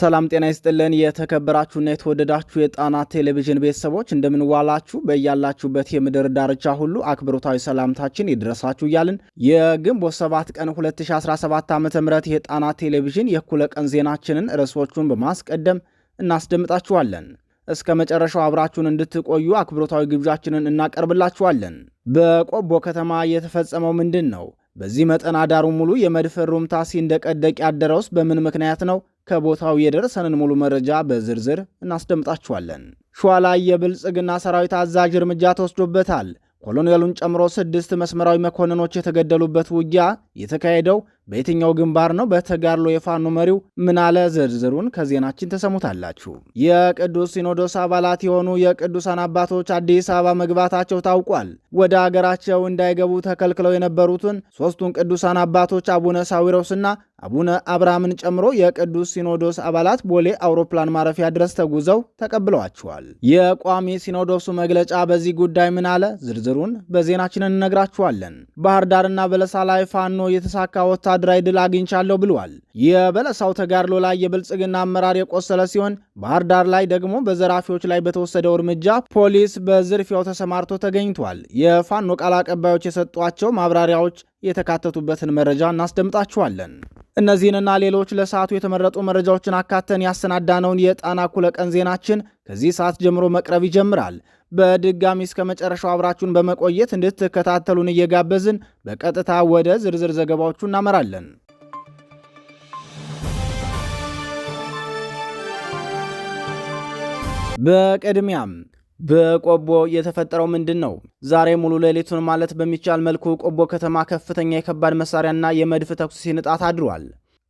ሰላም ጤና ይስጥልን። የተከበራችሁና የተወደዳችሁ የጣና ቴሌቪዥን ቤተሰቦች እንደምንዋላችሁ፣ በያላችሁበት የምድር ዳርቻ ሁሉ አክብሮታዊ ሰላምታችን ይድረሳችሁ እያልን የግንቦት 7 ቀን 2017 ዓ ም የጣና ቴሌቪዥን የእኩለ ቀን ዜናችንን ርዕሶቹን በማስቀደም እናስደምጣችኋለን። እስከ መጨረሻው አብራችሁን እንድትቆዩ አክብሮታዊ ግብዣችንን እናቀርብላችኋለን። በቆቦ ከተማ የተፈጸመው ምንድን ነው? በዚህ መጠን አዳሩ ሙሉ የመድፈር ሩምታ ሲንደቀደቅ ያደረውስ በምን ምክንያት ነው? ከቦታው የደረሰንን ሙሉ መረጃ በዝርዝር እናስደምጣችኋለን። ሸዋ ላይ የብልጽግና ሰራዊት አዛዥ እርምጃ ተወስዶበታል። ኮሎኔሉን ጨምሮ ስድስት መስመራዊ መኮንኖች የተገደሉበት ውጊያ የተካሄደው በየትኛው ግንባር ነው በተጋድሎ የፋኖ መሪው ምን አለ? ዝርዝሩን ከዜናችን ተሰሙታላችሁ። የቅዱስ ሲኖዶስ አባላት የሆኑ የቅዱሳን አባቶች አዲስ አበባ መግባታቸው ታውቋል። ወደ አገራቸው እንዳይገቡ ተከልክለው የነበሩትን ሦስቱን ቅዱሳን አባቶች አቡነ ሳዊሮስና አቡነ አብርሃምን ጨምሮ የቅዱስ ሲኖዶስ አባላት ቦሌ አውሮፕላን ማረፊያ ድረስ ተጉዘው ተቀብለዋቸዋል። የቋሚ ሲኖዶሱ መግለጫ በዚህ ጉዳይ ምን አለ? ዝርዝሩን በዜናችን እንነግራችኋለን። ባህር ዳርና በለሳ ላይ ፋኖ የተሳካ ወታ? ወታደራዊ ድል አግኝቻለሁ ብለዋል። የበለሳው ተጋድሎ ላይ የብልጽግና አመራር የቆሰለ ሲሆን፣ ባህር ዳር ላይ ደግሞ በዘራፊዎች ላይ በተወሰደው እርምጃ ፖሊስ በዝርፊያው ተሰማርቶ ተገኝቷል። የፋኖ ቃል አቀባዮች የሰጧቸው ማብራሪያዎች የተካተቱበትን መረጃ እናስደምጣችኋለን። እነዚህንና ሌሎች ለሰዓቱ የተመረጡ መረጃዎችን አካተን ያሰናዳነውን የጣና እኩለ ቀን ዜናችን ከዚህ ሰዓት ጀምሮ መቅረብ ይጀምራል። በድጋሚ እስከ መጨረሻው አብራችሁን በመቆየት እንድትከታተሉን እየጋበዝን በቀጥታ ወደ ዝርዝር ዘገባዎቹ እናመራለን። በቅድሚያም በቆቦ የተፈጠረው ምንድን ነው? ዛሬ ሙሉ ሌሊቱን ማለት በሚቻል መልኩ ቆቦ ከተማ ከፍተኛ የከባድ መሳሪያና የመድፍ ተኩስ ሲንጣት አድሯል።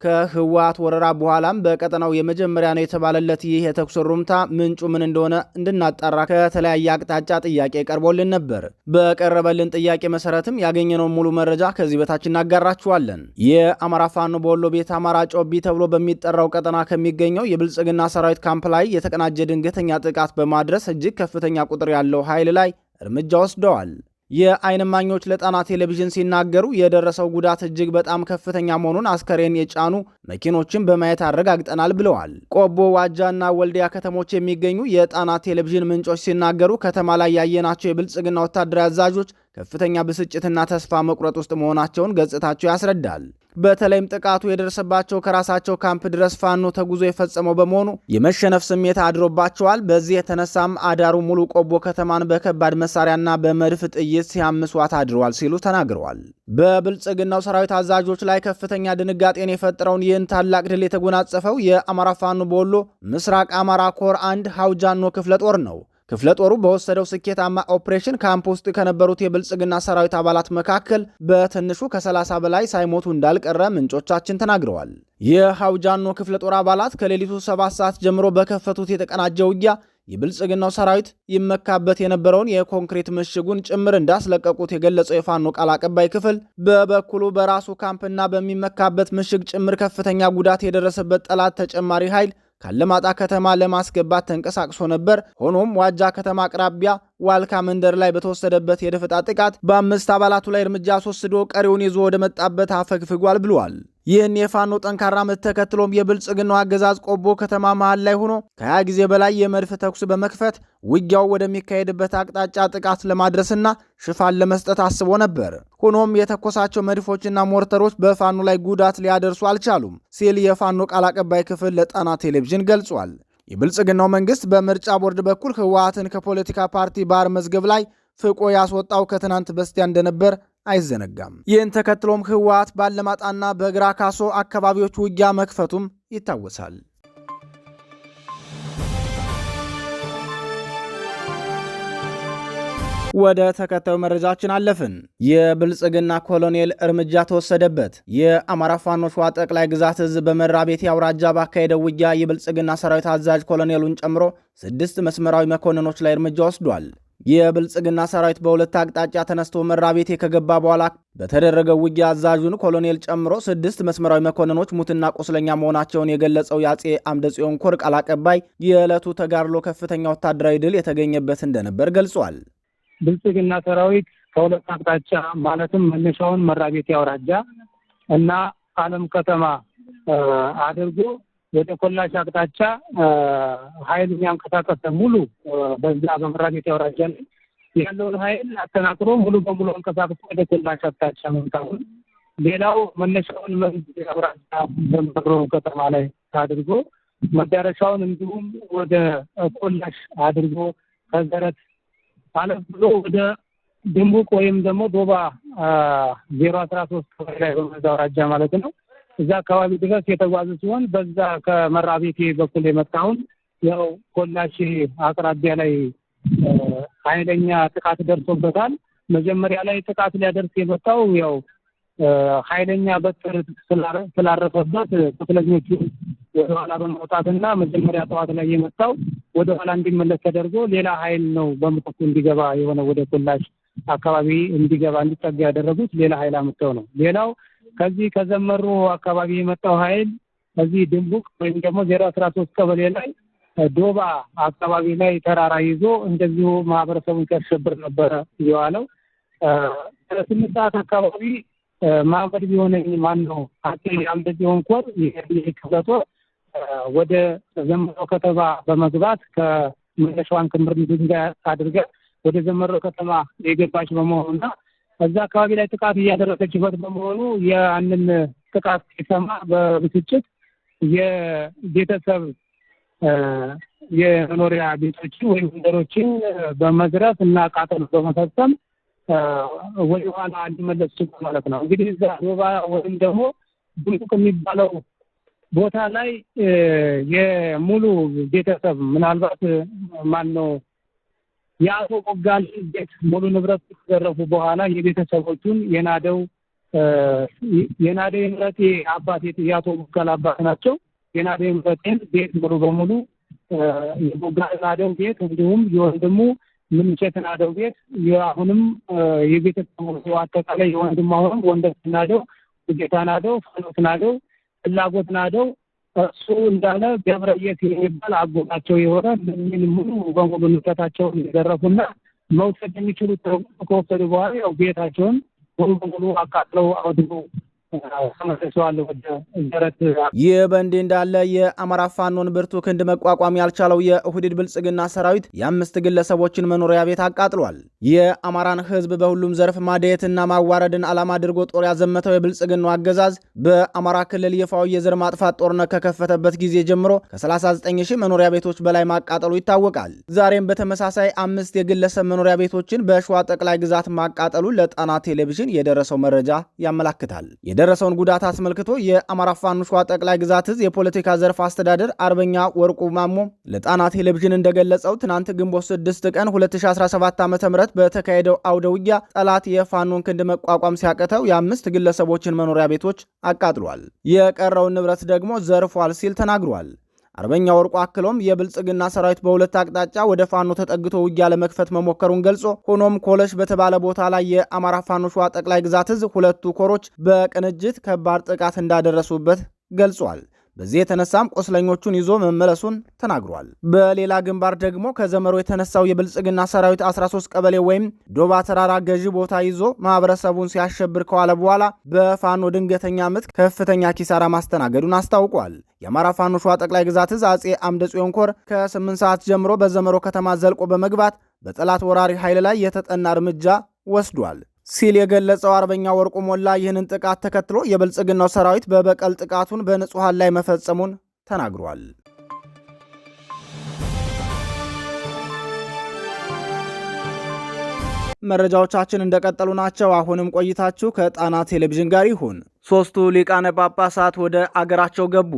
ከህወሓት ወረራ በኋላም በቀጠናው የመጀመሪያ ነው የተባለለት ይህ የተኩስ ሩምታ ምንጩ ምን እንደሆነ እንድናጣራ ከተለያየ አቅጣጫ ጥያቄ ቀርቦልን ነበር። በቀረበልን ጥያቄ መሰረትም ያገኘነውን ሙሉ መረጃ ከዚህ በታች እናጋራችኋለን። የአማራ ፋኖ በወሎ ቤት አማራ ጮቢ ተብሎ በሚጠራው ቀጠና ከሚገኘው የብልጽግና ሰራዊት ካምፕ ላይ የተቀናጀ ድንገተኛ ጥቃት በማድረስ እጅግ ከፍተኛ ቁጥር ያለው ኃይል ላይ እርምጃ ወስደዋል። የአይንማኞች ለጣና ቴሌቪዥን ሲናገሩ የደረሰው ጉዳት እጅግ በጣም ከፍተኛ መሆኑን አስከሬን የጫኑ መኪኖችን በማየት አረጋግጠናል ብለዋል። ቆቦ፣ ዋጃና ወልዲያ ከተሞች የሚገኙ የጣና ቴሌቪዥን ምንጮች ሲናገሩ ከተማ ላይ ያየናቸው የብልጽግና ወታደራዊ አዛዦች ከፍተኛ ብስጭትና ተስፋ መቁረጥ ውስጥ መሆናቸውን ገጽታቸው ያስረዳል። በተለይም ጥቃቱ የደረሰባቸው ከራሳቸው ካምፕ ድረስ ፋኖ ተጉዞ የፈጸመው በመሆኑ የመሸነፍ ስሜት አድሮባቸዋል። በዚህ የተነሳም አዳሩ ሙሉ ቆቦ ከተማን በከባድ መሳሪያና በመድፍ ጥይት ሲያምስዋት አድረዋል ሲሉ ተናግረዋል። በብልጽግናው ሰራዊት አዛዦች ላይ ከፍተኛ ድንጋጤን የፈጠረውን ይህን ታላቅ ድል የተጎናጸፈው የአማራ ፋኖ በወሎ ምስራቅ አማራ ኮር አንድ ሀውጃኖ ክፍለ ጦር ነው። ክፍለ ጦሩ በወሰደው ስኬታማ ኦፕሬሽን ካምፕ ውስጥ ከነበሩት የብልጽግና ሰራዊት አባላት መካከል በትንሹ ከ30 በላይ ሳይሞቱ እንዳልቀረ ምንጮቻችን ተናግረዋል። የሐውጃኖ ክፍለ ጦር አባላት ከሌሊቱ 7 ሰዓት ጀምሮ በከፈቱት የተቀናጀ ውጊያ የብልጽግናው ሰራዊት ይመካበት የነበረውን የኮንክሪት ምሽጉን ጭምር እንዳስለቀቁት የገለጸው የፋኖ ቃል አቀባይ ክፍል በበኩሉ በራሱ ካምፕና በሚመካበት ምሽግ ጭምር ከፍተኛ ጉዳት የደረሰበት ጠላት ተጨማሪ ኃይል ካለማጣ ከተማ ለማስገባት ተንቀሳቅሶ ነበር። ሆኖም ዋጃ ከተማ አቅራቢያ ዋልካ መንደር ላይ በተወሰደበት የደፈጣ ጥቃት በአምስት አባላቱ ላይ እርምጃ አስወስዶ ቀሪውን ይዞ ወደ መጣበት አፈግፍጓል ብሏል። ይህን የፋኖ ጠንካራ ምት ተከትሎም የብልጽግናው አገዛዝ ቆቦ ከተማ መሃል ላይ ሆኖ ከሀያ ጊዜ በላይ የመድፍ ተኩስ በመክፈት ውጊያው ወደሚካሄድበት አቅጣጫ ጥቃት ለማድረስና ሽፋን ለመስጠት አስቦ ነበር። ሆኖም የተኮሳቸው መድፎችና ሞርተሮች በፋኖ ላይ ጉዳት ሊያደርሱ አልቻሉም ሲል የፋኖ ቃል አቀባይ ክፍል ለጣና ቴሌቪዥን ገልጿል። የብልጽግናው መንግስት በምርጫ ቦርድ በኩል ህወሓትን ከፖለቲካ ፓርቲ ባር መዝገብ ላይ ፍቆ ያስወጣው ከትናንት በስቲያ እንደነበር አይዘነጋም። ይህን ተከትሎም ህወሓት ባለማጣና በግራ ካሶ አካባቢዎች ውጊያ መክፈቱም ይታወሳል። ወደ ተከታዩ መረጃችን አለፍን። የብልጽግና ኮሎኔል እርምጃ ተወሰደበት። የአማራ ፋኖ ሸዋ ጠቅላይ ግዛት እዝ በመራ ቤቴ አውራጃ ባካሄደው ውጊያ የብልጽግና ሰራዊት አዛዥ ኮሎኔሉን ጨምሮ ስድስት መስመራዊ መኮንኖች ላይ እርምጃ ወስዷል። የብልጽግና ሰራዊት በሁለት አቅጣጫ ተነስቶ መራቤቴ ከገባ በኋላ በተደረገው ውጊያ አዛዡን ኮሎኔል ጨምሮ ስድስት መስመራዊ መኮንኖች ሙትና ቁስለኛ መሆናቸውን የገለጸው የአጼ አምደ ኮር ቃል አቀባይ የዕለቱ ተጋድሎ ከፍተኛ ወታደራዊ ድል የተገኘበት እንደነበር ገልጿል። ብልጽግና ሰራዊት ከሁለት አቅጣጫ ማለትም መነሻውን መራቤቴ አውራጃ እና አለም ከተማ አድርጎ ወደ ኮላሽ አቅጣጫ ኃይል የሚያንቀሳቀሰ ሙሉ በዛ በመራቤት ያወራጃል ያለውን ኃይል አጠናክሮ ሙሉ በሙሉ አንቀሳቅሶ ወደ ኮላሽ አቅጣጫ መምታውን፣ ሌላው መነሻውን መንዝ አውራጃ በመቅሮ ከተማ ላይ አድርጎ መዳረሻውን እንዲሁም ወደ ኮላሽ አድርጎ ከዘረት አለፍ ብሎ ወደ ድንቡቅ ወይም ደግሞ ዶባ ዜሮ አስራ ሶስት ላይ በመንዝ አውራጃ ማለት ነው እዛ አካባቢ ድረስ የተጓዙ ሲሆን በዛ ቤቴ በኩል የመጣውን ያው ኮላሽ አቅራቢያ ላይ ኃይለኛ ጥቃት ደርሶበታል። መጀመሪያ ላይ ጥቃት ሊያደርስ የመጣው ያው ኃይለኛ በትር ስላረፈበት ክፍለኞቹ ወደኋላ እና መጀመሪያ ጠዋት ላይ የመጣው ወደኋላ እንዲመለስ ተደርጎ ሌላ ኃይል ነው በምትኩ እንዲገባ የሆነ ወደ ኮላሽ አካባቢ እንዲገባ እንዲጠጋ ያደረጉት ሌላ ኃይል አምጥተው ነው። ሌላው ከዚህ ከዘመሩ አካባቢ የመጣው ኃይል ከዚህ ድንቡቅ ወይም ደግሞ ዜሮ አስራ ሶስት ቀበሌ ላይ ዶባ አካባቢ ላይ ተራራ ይዞ እንደዚሁ ማህበረሰቡን ሲያሸብር ነበረ የዋለው። ስምንት ሰዓት አካባቢ ማህመድ ቢሆነኝ ማን ነው አጼ አምደ ጽዮን ኮር ይሄ ወደ ዘመሮ ከተማ በመግባት ከመለሸዋን ክምር ድንጋይ አድርገ ወደ ዘመሮ ከተማ የገባች በመሆኑና እዛ አካባቢ ላይ ጥቃት እያደረሰችበት በመሆኑ ያንን ጥቃት ሲሰማ በብስጭት የቤተሰብ የመኖሪያ ቤቶችን ወይም መንደሮችን በመዝረፍ እና ቃጠሎ በመፈጸም ወደኋላ እንዲመለሱ ማለት ነው። እንግዲህ እዛ ዶባ ወይም ደግሞ ቡንቁቅ የሚባለው ቦታ ላይ የሙሉ ቤተሰብ ምናልባት ማን ነው የአቶ ቦጋሌን ቤት ሙሉ ንብረት ከተዘረፉ በኋላ የቤተሰቦቹን የናደው የናደ ምረቴ አባቴ የአቶ ቦጋሌ አባት ናቸው። የናደ ምረቴን ቤት ሙሉ በሙሉ የቦጋሌ ናደው ቤት እንዲሁም የወንድሙ ምንቸት ናደው ቤት አሁንም የቤተሰቡ አጠቃላይ የወንድሙ አሁንም ወንደት ናደው፣ ጌታ ናደው፣ ፋኖት ናደው፣ ፍላጎት ናደው እሱ እንዳለ ገብረየት የሚባል አጎታቸው የሆነ ምን ሙሉ በሙሉ ንብረታቸውን የዘረፉና መውሰድ የሚችሉት ከወሰዱ በኋላ ያው ቤታቸውን ሙሉ በሙሉ አቃጥለው አውድመው ይህ በእንዲህ እንዳለ የአማራ ፋኖን ብርቱ ክንድ መቋቋም ያልቻለው የኦህዴድ ብልጽግና ሰራዊት የአምስት ግለሰቦችን መኖሪያ ቤት አቃጥሏል። የአማራን ሕዝብ በሁሉም ዘርፍ ማደየትና ማዋረድን ዓላማ አድርጎ ጦር ያዘመተው የብልጽግናው አገዛዝ በአማራ ክልል ይፋዊ የዘር ማጥፋት ጦርነት ከከፈተበት ጊዜ ጀምሮ ከ39 ሺህ መኖሪያ ቤቶች በላይ ማቃጠሉ ይታወቃል። ዛሬም በተመሳሳይ አምስት የግለሰብ መኖሪያ ቤቶችን በሸዋ ጠቅላይ ግዛት ማቃጠሉ ለጣና ቴሌቪዥን የደረሰው መረጃ ያመላክታል። የደረሰውን ጉዳት አስመልክቶ የአማራ ፋኖ ሸዋ ጠቅላይ ግዛት እዝ የፖለቲካ ዘርፍ አስተዳደር አርበኛ ወርቁ ማሞ ለጣና ቴሌቪዥን እንደገለጸው ትናንት ግንቦት 6 ቀን 2017 ዓ ም በተካሄደው አውደ ውጊያ ጠላት የፋኖን ክንድ መቋቋም ሲያቀተው የአምስት ግለሰቦችን መኖሪያ ቤቶች አቃጥሏል፣ የቀረውን ንብረት ደግሞ ዘርፏል ሲል ተናግሯል። አርበኛ ወርቁ አክሎም የብልጽግና ሰራዊት በሁለት አቅጣጫ ወደ ፋኖ ተጠግቶ ውጊያ ለመክፈት መሞከሩን ገልጾ ሆኖም ኮለሽ በተባለ ቦታ ላይ የአማራ ፋኖ ሸዋ ጠቅላይ ግዛት እዝ ሁለቱ ኮሮች በቅንጅት ከባድ ጥቃት እንዳደረሱበት ገልጿል። በዚህ የተነሳም ቆስለኞቹን ይዞ መመለሱን ተናግሯል። በሌላ ግንባር ደግሞ ከዘመሩ የተነሳው የብልጽግና ሰራዊት 13 ቀበሌ ወይም ዶባ ተራራ ገዢ ቦታ ይዞ ማህበረሰቡን ሲያሸብር ከዋለ በኋላ በፋኖ ድንገተኛ ምት ከፍተኛ ኪሳራ ማስተናገዱን አስታውቋል። የአማራ ፋኖ ሸዋ ጠቅላይ ግዛት እዝ አጼ አምደ ጽዮን ኮር ከ8 ሰዓት ጀምሮ በዘመሮ ከተማ ዘልቆ በመግባት በጠላት ወራሪ ኃይል ላይ የተጠና እርምጃ ወስዷል። ሲል የገለጸው አርበኛ ወርቁ ሞላ ይህንን ጥቃት ተከትሎ የብልጽግናው ሰራዊት በበቀል ጥቃቱን በንጹሐን ላይ መፈጸሙን ተናግሯል። መረጃዎቻችን እንደቀጠሉ ናቸው። አሁንም ቆይታችሁ ከጣና ቴሌቪዥን ጋር ይሁን። ሦስቱ ሊቃነ ጳጳሳት ወደ አገራቸው ገቡ።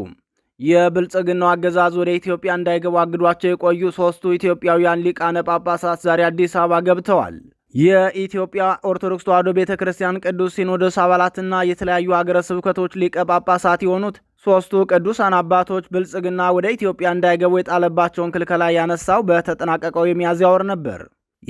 የብልጽግናው አገዛዝ ወደ ኢትዮጵያ እንዳይገቡ አግዷቸው የቆዩ ሦስቱ ኢትዮጵያውያን ሊቃነ ጳጳሳት ዛሬ አዲስ አበባ ገብተዋል። የኢትዮጵያ ኦርቶዶክስ ተዋሕዶ ቤተ ክርስቲያን ቅዱስ ሲኖዶስ አባላትና የተለያዩ ሀገረ ስብከቶች ሊቀ ጳጳሳት የሆኑት ሶስቱ ቅዱሳን አባቶች ብልጽግና ወደ ኢትዮጵያ እንዳይገቡ የጣለባቸውን ክልከላ ያነሳው በተጠናቀቀው የሚያዝያ ወር ነበር።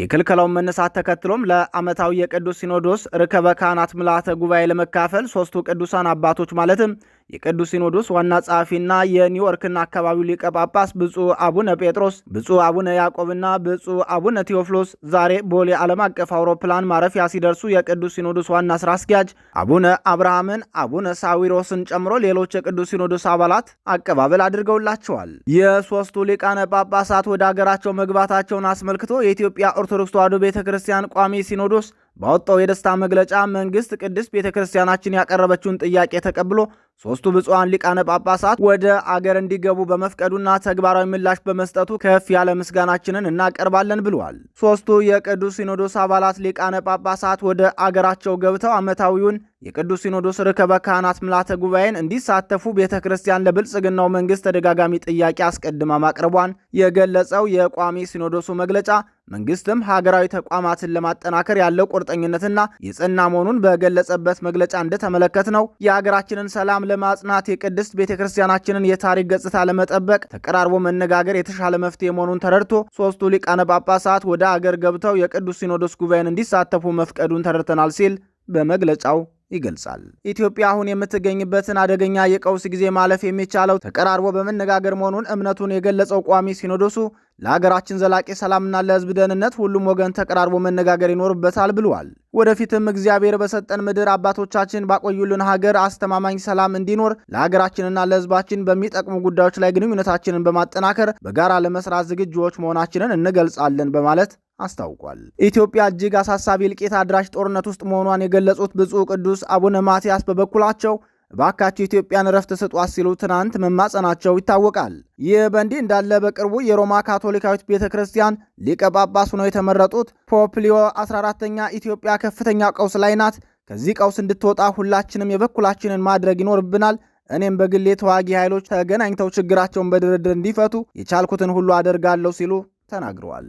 የክልከላውን መነሳት ተከትሎም ለዓመታዊ የቅዱስ ሲኖዶስ ርከበ ካህናት ምልዓተ ጉባኤ ለመካፈል ሶስቱ ቅዱሳን አባቶች ማለትም የቅዱስ ሲኖዶስ ዋና ጸሐፊና የኒውዮርክና አካባቢው ሊቀ ጳጳስ ብፁዕ አቡነ ጴጥሮስ፣ ብፁዕ አቡነ ያዕቆብና ብፁዕ አቡነ ቴዎፍሎስ ዛሬ ቦሌ ዓለም አቀፍ አውሮፕላን ማረፊያ ሲደርሱ የቅዱስ ሲኖዶስ ዋና ስራ አስኪያጅ አቡነ አብርሃምን፣ አቡነ ሳዊሮስን ጨምሮ ሌሎች የቅዱስ ሲኖዶስ አባላት አቀባበል አድርገውላቸዋል። የሦስቱ ሊቃነ ጳጳሳት ወደ አገራቸው መግባታቸውን አስመልክቶ የኢትዮጵያ ኦርቶዶክስ ተዋሕዶ ቤተ ክርስቲያን ቋሚ ሲኖዶስ ባወጣው የደስታ መግለጫ መንግስት ቅድስት ቤተ ክርስቲያናችን ያቀረበችውን ጥያቄ ተቀብሎ ሦስቱ ብፁዓን ሊቃነ ጳጳሳት ወደ አገር እንዲገቡ በመፍቀዱና ተግባራዊ ምላሽ በመስጠቱ ከፍ ያለ ምስጋናችንን እናቀርባለን ብለዋል። ሶስቱ የቅዱስ ሲኖዶስ አባላት ሊቃነ ጳጳሳት ወደ አገራቸው ገብተው ዓመታዊውን የቅዱስ ሲኖዶስ ርክበ ካህናት ምልዓተ ጉባኤን እንዲሳተፉ ቤተ ክርስቲያን ለብልጽግናው መንግስት ተደጋጋሚ ጥያቄ አስቀድማ ማቅረቧን የገለጸው የቋሚ ሲኖዶሱ መግለጫ መንግስትም ሀገራዊ ተቋማትን ለማጠናከር ያለው ቁርጠኝነትና የጸና መሆኑን በገለጸበት መግለጫ እንደተመለከት ነው የሀገራችንን ሰላም ለማጽናት የቅድስት ቤተ ክርስቲያናችንን የታሪክ ገጽታ ለመጠበቅ ተቀራርቦ መነጋገር የተሻለ መፍትሄ መሆኑን ተረድቶ ሶስቱ ሊቃነ ጳጳሳት ወደ አገር ገብተው የቅዱስ ሲኖዶስ ጉባኤን እንዲሳተፉ መፍቀዱን ተረድተናል ሲል በመግለጫው ይገልጻል። ኢትዮጵያ አሁን የምትገኝበትን አደገኛ የቀውስ ጊዜ ማለፍ የሚቻለው ተቀራርቦ በመነጋገር መሆኑን እምነቱን የገለጸው ቋሚ ሲኖዶሱ ለሀገራችን ዘላቂ ሰላምና ለህዝብ ደህንነት ሁሉም ወገን ተቀራርቦ መነጋገር ይኖርበታል ብለዋል። ወደፊትም እግዚአብሔር በሰጠን ምድር አባቶቻችን ባቆዩልን ሀገር አስተማማኝ ሰላም እንዲኖር ለሀገራችንና ለህዝባችን በሚጠቅሙ ጉዳዮች ላይ ግንኙነታችንን በማጠናከር በጋራ ለመስራት ዝግጅዎች መሆናችንን እንገልጻለን በማለት አስታውቋል። ኢትዮጵያ እጅግ አሳሳቢ እልቂት አድራሽ ጦርነት ውስጥ መሆኗን የገለጹት ብፁዕ ቅዱስ አቡነ ማትያስ በበኩላቸው እባካችሁ ኢትዮጵያን እረፍት ስጧት ሲሉ ትናንት መማጸናቸው ይታወቃል። ይህ በእንዲህ እንዳለ በቅርቡ የሮማ ካቶሊካዊት ቤተ ክርስቲያን ሊቀ ጳጳስ ሆነው የተመረጡት ፖፕ ሊዮ 14ተኛ ኢትዮጵያ ከፍተኛ ቀውስ ላይ ናት። ከዚህ ቀውስ እንድትወጣ ሁላችንም የበኩላችንን ማድረግ ይኖርብናል። እኔም በግሌ ተዋጊ ኃይሎች ተገናኝተው ችግራቸውን በድርድር እንዲፈቱ የቻልኩትን ሁሉ አደርጋለሁ ሲሉ ተናግረዋል።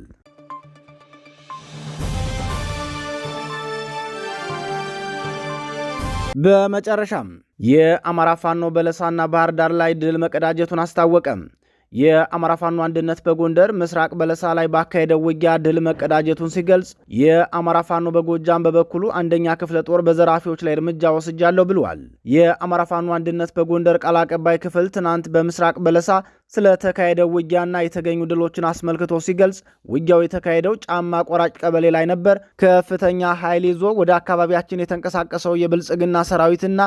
በመጨረሻም የአማራ ፋኖ በለሳና ባህር ዳር ላይ ድል መቀዳጀቱን አስታወቀም። የአማራ ፋኖ አንድነት በጎንደር ምስራቅ በለሳ ላይ ባካሄደው ውጊያ ድል መቀዳጀቱን ሲገልጽ፣ የአማራ ፋኖ በጎጃም በበኩሉ አንደኛ ክፍለ ጦር በዘራፊዎች ላይ እርምጃ ወስጃለሁ ብሏል። የአማራ ፋኖ አንድነት በጎንደር ቃል አቀባይ ክፍል ትናንት በምስራቅ በለሳ ስለተካሄደው ውጊያና የተገኙ ድሎችን አስመልክቶ ሲገልጽ ውጊያው የተካሄደው ጫማ ቆራጭ ቀበሌ ላይ ነበር። ከፍተኛ ኃይል ይዞ ወደ አካባቢያችን የተንቀሳቀሰው የብልጽግና ሰራዊትና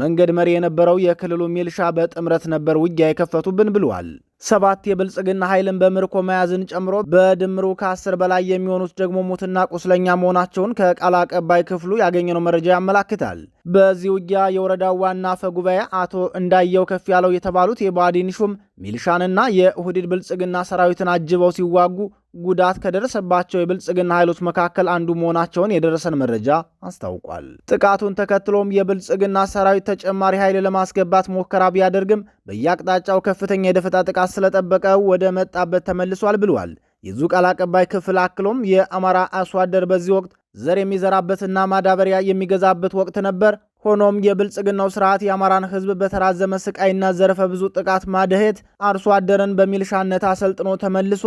መንገድ መሪ የነበረው የክልሉ ሚልሻ በጥምረት ነበር ውጊያ የከፈቱብን ብለዋል። ሰባት የብልጽግና ኃይልን በምርኮ መያዝን ጨምሮ በድምሩ ከአስር በላይ የሚሆኑት ደግሞ ሞትና ቁስለኛ መሆናቸውን ከቃል አቀባይ ክፍሉ ያገኘነው መረጃ ያመላክታል። በዚህ ውጊያ የወረዳው ዋና አፈ ጉባኤ አቶ እንዳየው ከፍ ያለው የተባሉት የባዲን ሹም ሚልሻንና የሁዲድ ብልጽግና ሰራዊትን አጅበው ሲዋጉ ጉዳት ከደረሰባቸው የብልጽግና ኃይሎች መካከል አንዱ መሆናቸውን የደረሰን መረጃ አስታውቋል። ጥቃቱን ተከትሎም የብልጽግና ሰራዊት ተጨማሪ ኃይል ለማስገባት ሞከራ ቢያደርግም በየአቅጣጫው ከፍተኛ የደፈጣ ጥቃት ስለጠበቀው ወደ መጣበት ተመልሷል ብሏል። የዙ ቃል አቀባይ ክፍል አክሎም የአማራ አርሶ አደር በዚህ ወቅት ዘር የሚዘራበትና ማዳበሪያ የሚገዛበት ወቅት ነበር። ሆኖም የብልጽግናው ስርዓት የአማራን ሕዝብ በተራዘመ ስቃይና ዘርፈ ብዙ ጥቃት ማደሄት አርሶ አደርን በሚልሻነት አሰልጥኖ ተመልሶ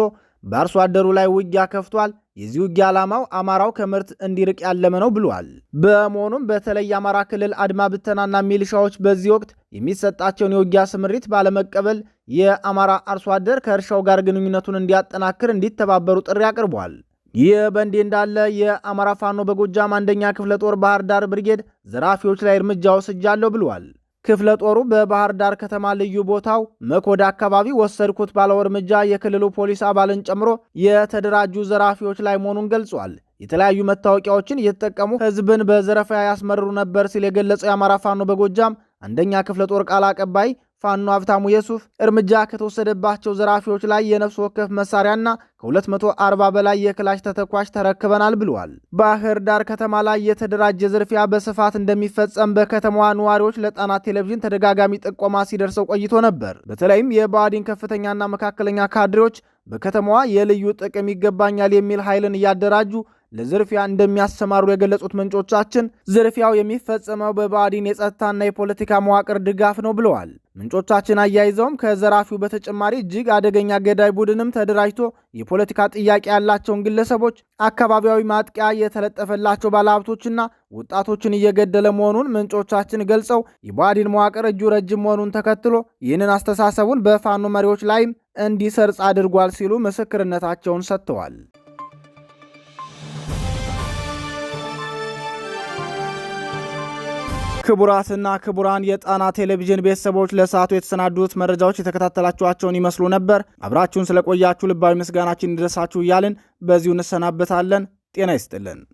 በአርሶ አደሩ ላይ ውጊያ ከፍቷል። የዚህ ውጊያ ዓላማው አማራው ከምርት እንዲርቅ ያለመ ነው ብሏል። በመሆኑም በተለይ የአማራ ክልል አድማ ብተናና ሚሊሻዎች በዚህ ወቅት የሚሰጣቸውን የውጊያ ስምሪት ባለመቀበል የአማራ አርሶ አደር ከእርሻው ጋር ግንኙነቱን እንዲያጠናክር እንዲተባበሩ ጥሪ አቅርቧል። ይህ በእንዲህ እንዳለ የአማራ ፋኖ በጎጃም አንደኛ ክፍለ ጦር ባህር ዳር ብርጌድ ዘራፊዎች ላይ እርምጃ ወስጃለሁ ብሏል። ክፍለ ጦሩ በባህር ዳር ከተማ ልዩ ቦታው መኮዳ አካባቢ ወሰድኩት ባለው እርምጃ የክልሉ ፖሊስ አባልን ጨምሮ የተደራጁ ዘራፊዎች ላይ መሆኑን ገልጿል። የተለያዩ መታወቂያዎችን እየተጠቀሙ ህዝብን በዘረፋ ያስመርሩ ነበር ሲል የገለጸው የአማራ ፋኖ በጎጃም አንደኛ ክፍለ ጦር ቃል አቀባይ ፋኖ ሀብታሙ የሱፍ እርምጃ ከተወሰደባቸው ዘራፊዎች ላይ የነፍስ ወከፍ መሳሪያና ከ240 በላይ የክላሽ ተተኳሽ ተረክበናል ብለዋል። ባህር ዳር ከተማ ላይ የተደራጀ ዝርፊያ በስፋት እንደሚፈጸም በከተማዋ ነዋሪዎች ለጣና ቴሌቪዥን ተደጋጋሚ ጥቆማ ሲደርሰው ቆይቶ ነበር። በተለይም የብአዴን ከፍተኛና መካከለኛ ካድሬዎች በከተማዋ የልዩ ጥቅም ይገባኛል የሚል ኃይልን እያደራጁ ለዝርፊያ እንደሚያሰማሩ የገለጹት ምንጮቻችን ዝርፊያው የሚፈጸመው በባዲን የጸጥታና የፖለቲካ መዋቅር ድጋፍ ነው ብለዋል። ምንጮቻችን አያይዘውም ከዘራፊው በተጨማሪ እጅግ አደገኛ ገዳይ ቡድንም ተደራጅቶ የፖለቲካ ጥያቄ ያላቸውን ግለሰቦች፣ አካባቢያዊ ማጥቂያ የተለጠፈላቸው ባለሀብቶችና ወጣቶችን እየገደለ መሆኑን ምንጮቻችን ገልጸው የባዲን መዋቅር እጁ ረጅም መሆኑን ተከትሎ ይህንን አስተሳሰቡን በፋኖ መሪዎች ላይም እንዲሰርጽ አድርጓል ሲሉ ምስክርነታቸውን ሰጥተዋል። ክቡራትና ክቡራን የጣና ቴሌቪዥን ቤተሰቦች ለሰዓቱ የተሰናዱት መረጃዎች የተከታተላችኋቸውን ይመስሉ ነበር። አብራችሁን ስለቆያችሁ ልባዊ ምስጋናችን ይድረሳችሁ እያልን በዚሁ እንሰናበታለን። ጤና ይስጥልን።